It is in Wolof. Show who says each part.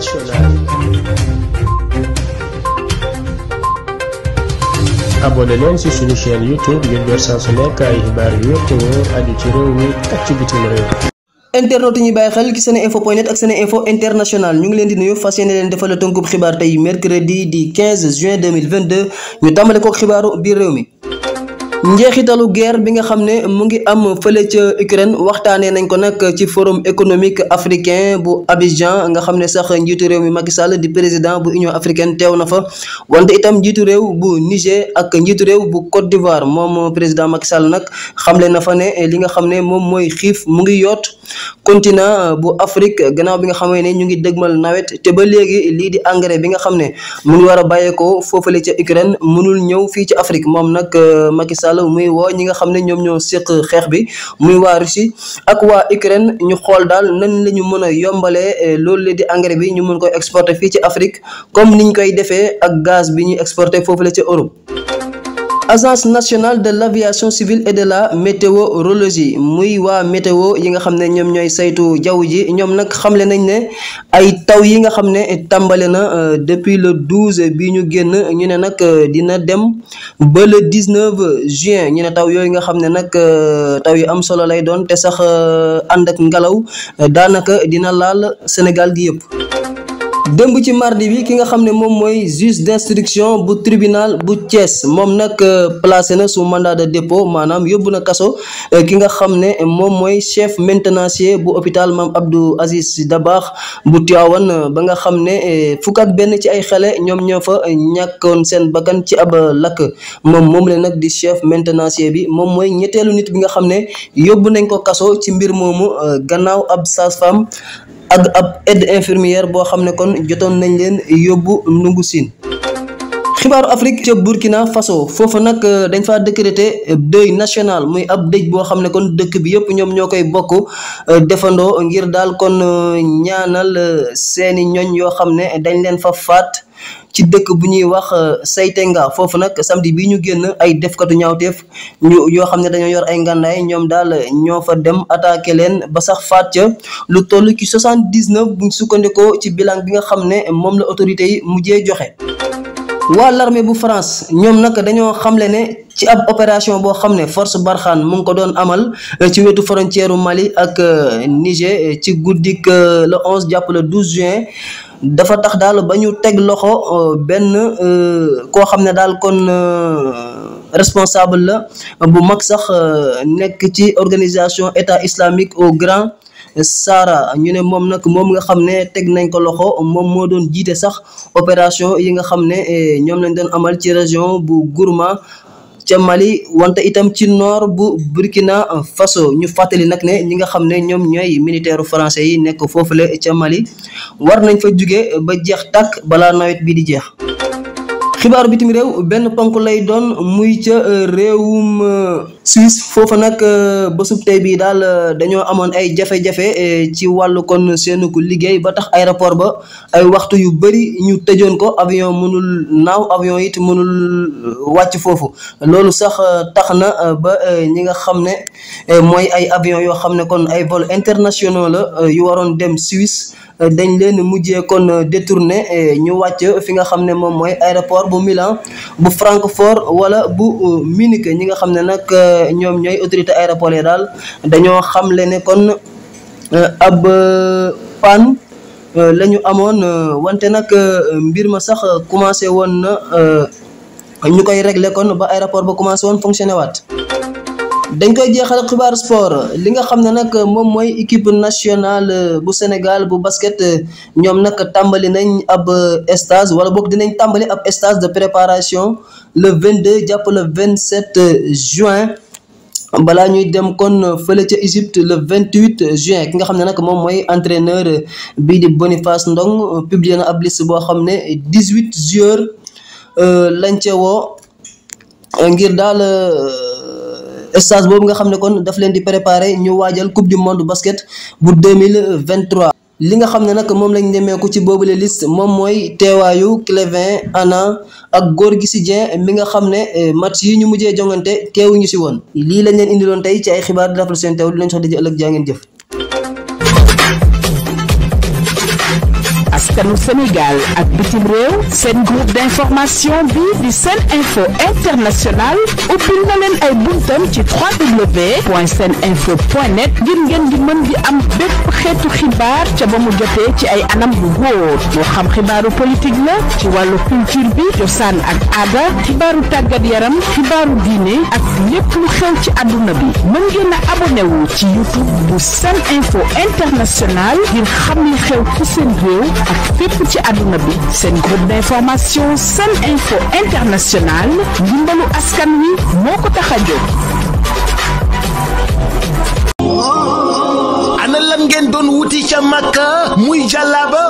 Speaker 1: nationale. abonné leen ci suñu chaîne youtube ngir jot saa su nekk ay xibaar yu wér te wóor aju international ñu ngi leen di nuyu fas yéene leen defal la tënkub xibaar tey mercredi di 15 juin 2022 ñu tàmbale kook xibaaru biir réew mi. njeexitalu guerre bi nga xam ne mu ngi am fële ca Ukraine waxtaanee nañ ko nag ci forum économique africain bu Abidjan nga xam ne sax njiitu réew mi Macky Sall di président bu Union africaine teew na fa wante itam njiitu réew bu Niger ak njiitu réew bu Côte d'Ivoire moom président Macky Sall nag xamle na fa ne li nga xam ne moom mooy xiif mu ngi yoot continent bu Afrique gannaaw bi nga xamee ne ñu ngi dëgmal nawet te ba léegi lii di engrais bi nga xam ne mu war a bàyyeekoo foofale ca Ukraine mënul ñëw fii ci Afrique moom nag Macky Sall muy woo ñi nga xam ne ñoom ñoo séq xeex bi muy waa Russie ak waa Ukraine ñu xool daal nan la ñu mën a yombalee loolu la di engrais bi ñu mun koy exporter fii ci Afrique comme niñ koy defee ak gaz bi ñuy exporter foofu la ci Europe agence nationale de l' aviation civile et de la météo météorologie muy waa météo yi nga xam ne ñoom ñooy saytu jaww ji ñoom nag xamle nañ ne ay taw yi nga xam ne tàmbale na euh, depuis le douze bi ñu génn ñu ne nag euh, dina dem ba le dix neuf juin ñu ne taw yooyu nga xam ne nag euh, taw yu am solo lay doon te sax ànd ak ngelaw daanaka dina laal Sénégal di yëpp. démb ci mardi bi ki nga xam ne moom mooy juge d'instruction bu tribinal bu Thiès moom nag euh, placé na su mandat de dépôt maanaam yóbbu na kaso euh, ki nga xam ne moom mooy chef maintenancier bu hôpital Mame Abdou Aziz Dabakh bu Tivaouane euh, ba nga xam ne fukk benn ci ay xale ñoom ñoo fa ñàkkoon seen bakkan ci ab lakk moom moom leen nag di chef maintenancier bi moom mooy ñetteelu nit bi nga xam ne yóbbu nañ ko kaso ci mbir moomu gannaaw ab sage-femme ak ab aide infirmière boo xam ne kon jotoon nañ leen yóbbu ndungu siin xibaaru Afrique ca Burkina Faso foofu nag euh, dañ fa décréter euh, deuil national muy ab dëj boo xam ne kon dëkk bi yëpp ñoom ñoo koy bokk euh, defandoo ngir daal kon ñaanal seeni ñoñ yoo xam ne dañ leen fa faat ci dëkk bu ñuy wax Saytenga foofu nag samedi bi ñu génn ay defkatu ñaawteef ñu yoo xam ne dañoo yor ay ngànnaay ñoom daal ñoo fa dem attaqué leen ba sax faat ca lu toll ci soixante-dix-neuf buñ sukkandikoo ci bilan bi nga xam ne moom la autorité yi mujjee joxe. waa l'armée bu France ñoom nag dañoo xamle ne ci ab opération boo xam ne force Barkhane mu ngi ko doon amal euh, ci wetu frontière Mali ak euh, Niger euh, ci guddik le 11 jàpp le juin dafa tax daal ba ñu teg loxo benn koo xam ne daal kon responsable la bu mag sax nekk ci organisation état islamique au grand Sara ñu ne moom nag moom nga xam ne teg nañ ko loxo moom moo doon jiite sax opération yi nga xam ne eh, ñoom lañ doon amal ci région bu Gourma ca wante itam ci nord bu Burkina Faso ñu fàttali nag ne ñi nga xam ne ñoom ñooy militaire français yi nekk foofule ca Mali war nañ fa juge ba jeex takk balaa nawet bi di jeex. xibaar bitim réew benn ponk lay doon muy ca eh, réewum. Eh, Suisse foofu nag euh, bésub tey bii daal euh, dañoo amoon ay jafe-jafe euh, ci wàll kon seen ku liggéey ba tax aéroport ba ay waxtu yu bëri ñu tëjoon ko avion mënul naaw avion it mënul wàcc foofu loolu sax tax na ba ñi nga xam ne mooy ay avion yoo xam ne kon ay vol internationaux la yu waroon dem Suisse dañ leen mujjee kon détourné ñu wàcc fi nga xam ne moom mooy aéroport bu Milan bu Francfort wala bu Munich ñi nga xam ne nag ñoom ñooy autorité aéroport yi daal dañoo xamle ne kon euh, ab euh, panne euh, la ñu amoon wante nag mbir ma sax commencé woon na ñu koy réglé kon ba aéroport ba commencé woon fonctionné waat. dañ koy jeexal xibaar sport li nga xam ne nag moom mooy équipe nationale bu Sénégal bu basket ñoom nag tàmbali nañ ab stage wala boog dinañ tàmbali ab stage de préparation le 22 jàpp le 27 juin. balaa ñuy dem kon fële ca Égypte le vingt huit juin ki nga xam ne nag moom mooy entraîneur bii di Boniface Ndong publié na ab boo xam ne dix huit joueurs euh, lañ ce woo euh, ngir daal euh, stage boobu nga xam ne kon daf leen di préparer ñu waajal coupe du monde basket bu deux mille vingt trois li nga xam ne nag moom lañ demeeku ci boobule liste moom mooy teewaayu Clévin Ana ak si Dieng mi nga xam ne eh, match yi ñu mujjee jongante teewuñu si woon lii lañ leen indiloon tey ci ay xibaar di rafetlu seen teew di leen sox daje ëllëg jëf askanu Sénégal ak
Speaker 2: bitim seen groupe d'information ay buntam ci www.seninfo.net ngir ngeen di mën gi am bépp xeetu xibaar ca ba mu jotee ci ay anam bu wóor moo xam xibaaru politique la ci wàllu culture bi cosaan ak aada xibaaru tàggat yaram xibaaru diine ak lépp lu xew ci àdduna bi mën ngeen a abonné wu ci YouTube bu seen info international ngir xam li xew ci seen réew ak fépp ci àdduna bi seen groupe d'information seen info international ndimbalu askan wi moo ko tax a ana lan ngeen doon wuti ca Makka muy jàllaaba